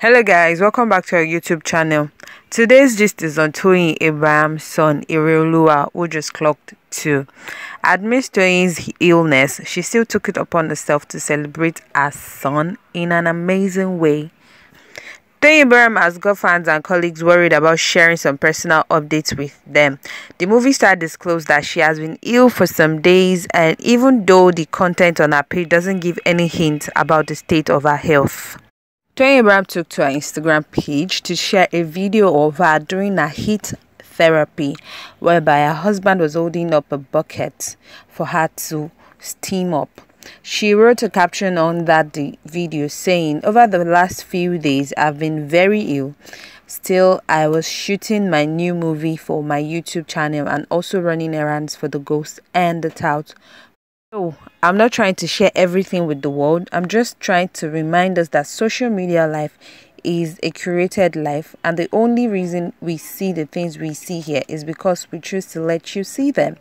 Hello guys, welcome back to our YouTube channel. Today's gist is on Toyin Abraham's son Irelua, who just clocked 2. Amidst Toyin's illness, she still took it upon herself to celebrate her son in an amazing way. Toyin Abraham has got fans and colleagues worried about sharing some personal updates with them. The movie star disclosed that she has been ill for some days and even though the content on her page doesn't give any hint about the state of her health. Tanya Abraham took to her Instagram page to share a video of her doing a heat therapy whereby her husband was holding up a bucket for her to steam up. She wrote a caption on that video saying, Over the last few days, I've been very ill. Still, I was shooting my new movie for my YouTube channel and also running errands for the ghost and the tout so, I'm not trying to share everything with the world. I'm just trying to remind us that social media life is a curated life, and the only reason we see the things we see here is because we choose to let you see them.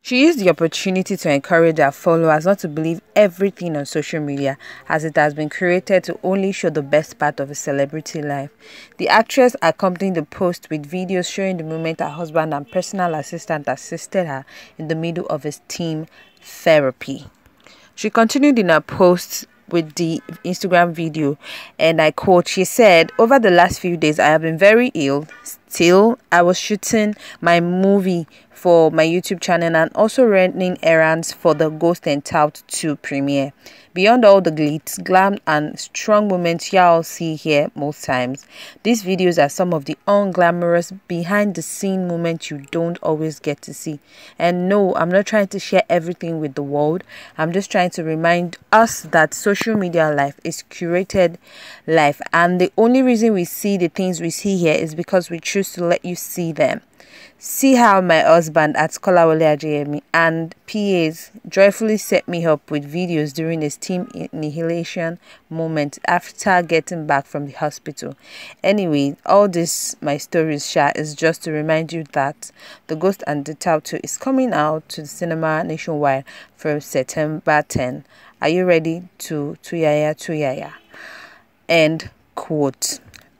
She used the opportunity to encourage her followers not to believe everything on social media as it has been curated to only show the best part of a celebrity life. The actress accompanied the post with videos showing the moment her husband and personal assistant assisted her in the middle of his team therapy. She continued in her post with the Instagram video, and I quote, she said, Over the last few days, I have been very ill. Still, I was shooting my movie for my YouTube channel and also running errands for the Ghost and Tout 2 premiere. Beyond all the glitz, glam and strong moments y'all see here most times, these videos are some of the unglamorous behind the scene moments you don't always get to see. And no, I'm not trying to share everything with the world. I'm just trying to remind us that social media life is curated life and the only reason we see the things we see here is because we choose to let you see them. See how my husband at Kolawole Ajayemi and PAs joyfully set me up with videos during a steam inhalation moment after getting back from the hospital. Anyway, all this my stories share is just to remind you that The Ghost and the Tattoo is coming out to the cinema nationwide from September 10. Are you ready to Tuyaya Tuyaya? End quote.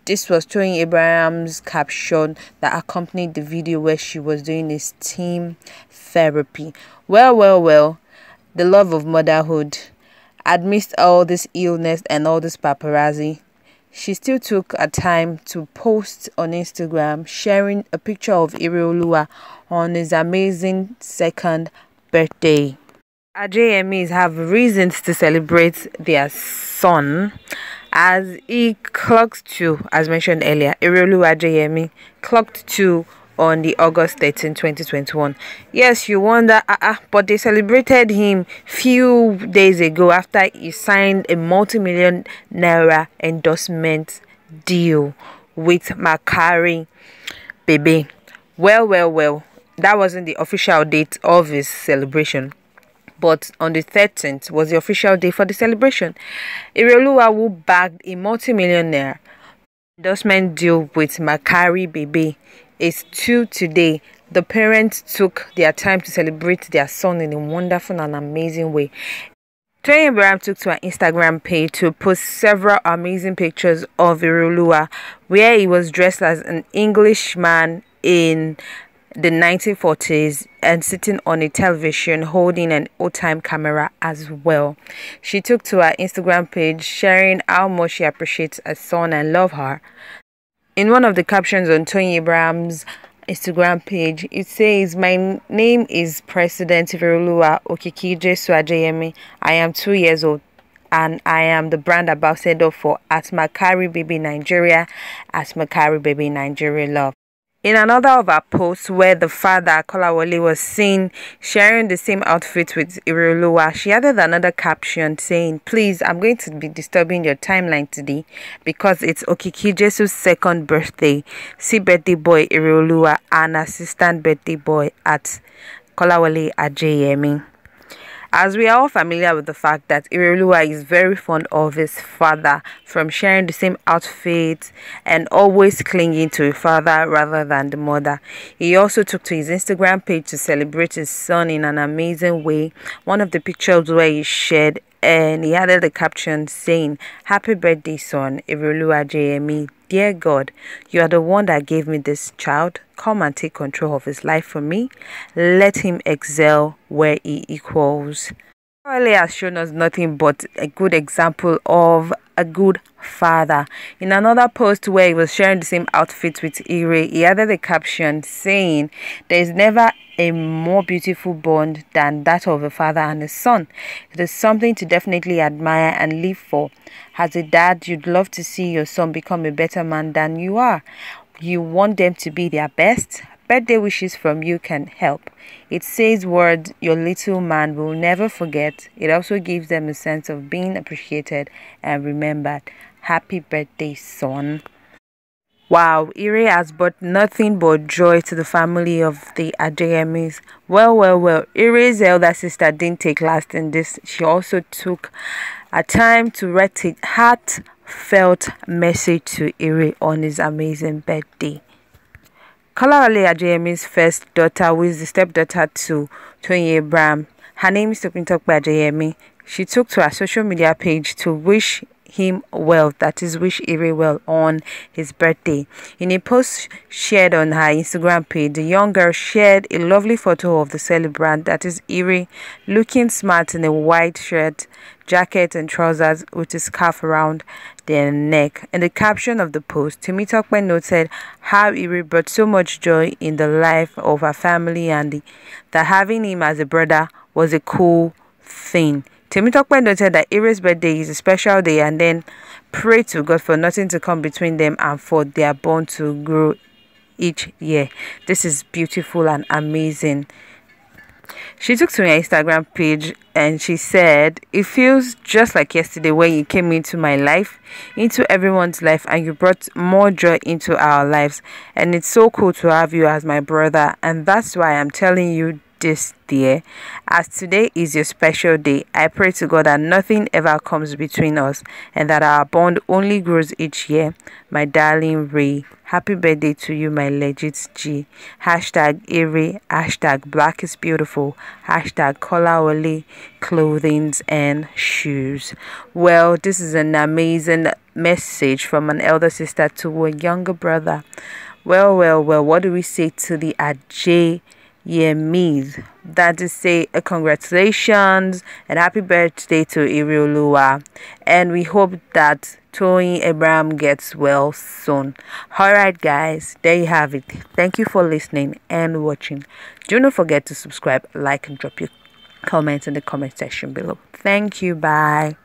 This was Toyin Abraham's caption that accompanied the video where she was doing a steam therapy. Well, well, well, the love of motherhood. Amidst all this illness and all this paparazzi, she still took a time to post on Instagram, sharing a picture of Iriolua on his amazing second birthday. JMs have reasons to celebrate their son as he clocked two, as mentioned earlier, Irelu Ajayemi clocked two on the August 13, 2021. Yes, you wonder, uh, uh, but they celebrated him few days ago after he signed a multi-million naira endorsement deal with Makari Bebe. Well, well, well, that wasn't the official date of his celebration, but on the 13th was the official day for the celebration. Iroluwa, who bagged a multimillionaire endorsement deal with Makari Bebe, is two today. The parents took their time to celebrate their son in a wonderful and amazing way. Tony Abraham took to her Instagram page to post several amazing pictures of Iroluwa, where he was dressed as an Englishman in the 1940s and sitting on a television holding an old-time camera as well. She took to her Instagram page sharing how much she appreciates her son and love her. In one of the captions on Tony Abraham's Instagram page, it says, My name is President Verulua Okikije Suajeyemi. I am two years old and I am the brand ambassador for Asmakari Baby Nigeria, Asmakari Baby Nigeria Love. In another of her posts where the father, Kolawole, was seen sharing the same outfit with Iroluwa, she added another caption saying, Please, I'm going to be disturbing your timeline today because it's Okiki Jesu's second birthday. See birthday boy Iroluwa and assistant birthday boy at Kolawole Ajayemi. As we are all familiar with the fact that Irelua is very fond of his father from sharing the same outfit and always clinging to his father rather than the mother. He also took to his Instagram page to celebrate his son in an amazing way. One of the pictures where he shared and he added the caption saying, Happy birthday, son, Irolua JME. Dear God, you are the one that gave me this child. Come and take control of his life for me. Let him excel where he equals Charlie has shown us nothing but a good example of a good father. In another post where he was sharing the same outfit with Ire, he added the caption saying, There is never a more beautiful bond than that of a father and a son. It is something to definitely admire and live for. As a dad, you'd love to see your son become a better man than you are. You want them to be their best, Birthday wishes from you can help. It says words your little man will never forget. It also gives them a sense of being appreciated and remembered. Happy birthday, son. Wow, Ira has brought nothing but joy to the family of the Adeyemis. Well, well, well, Ire's elder sister didn't take last in this. She also took a time to write a heartfelt message to Ira on his amazing birthday. Kolawole Ajeyemi's first daughter who is the stepdaughter to Tony Abraham, her name is Topintope Ajeyemi, she took to her social media page to wish him well, that is, wish Iri well on his birthday. In a post shared on her Instagram page, the young girl shared a lovely photo of the celebrant, that is, Iri, looking smart in a white shirt, jacket, and trousers with a scarf around their neck. In the caption of the post, Timmy Talkman noted how Iri brought so much joy in the life of her family and the, that having him as a brother was a cool thing. Temitope noted that Iri's birthday is a special day and then pray to God for nothing to come between them and for their bond to grow each year. This is beautiful and amazing. She took to her Instagram page and she said, It feels just like yesterday when you came into my life, into everyone's life, and you brought more joy into our lives. And it's so cool to have you as my brother. And that's why I'm telling you this dear as today is your special day i pray to god that nothing ever comes between us and that our bond only grows each year my darling ray happy birthday to you my legit g hashtag Ray. hashtag black is beautiful hashtag only clothings and shoes well this is an amazing message from an elder sister to a younger brother well well well what do we say to the Aj? Yemiz. That is say a eh, congratulations and happy birthday to Iriolua. And we hope that Tony Abraham gets well soon. Alright guys, there you have it. Thank you for listening and watching. Do not forget to subscribe, like and drop your comments in the comment section below. Thank you. Bye.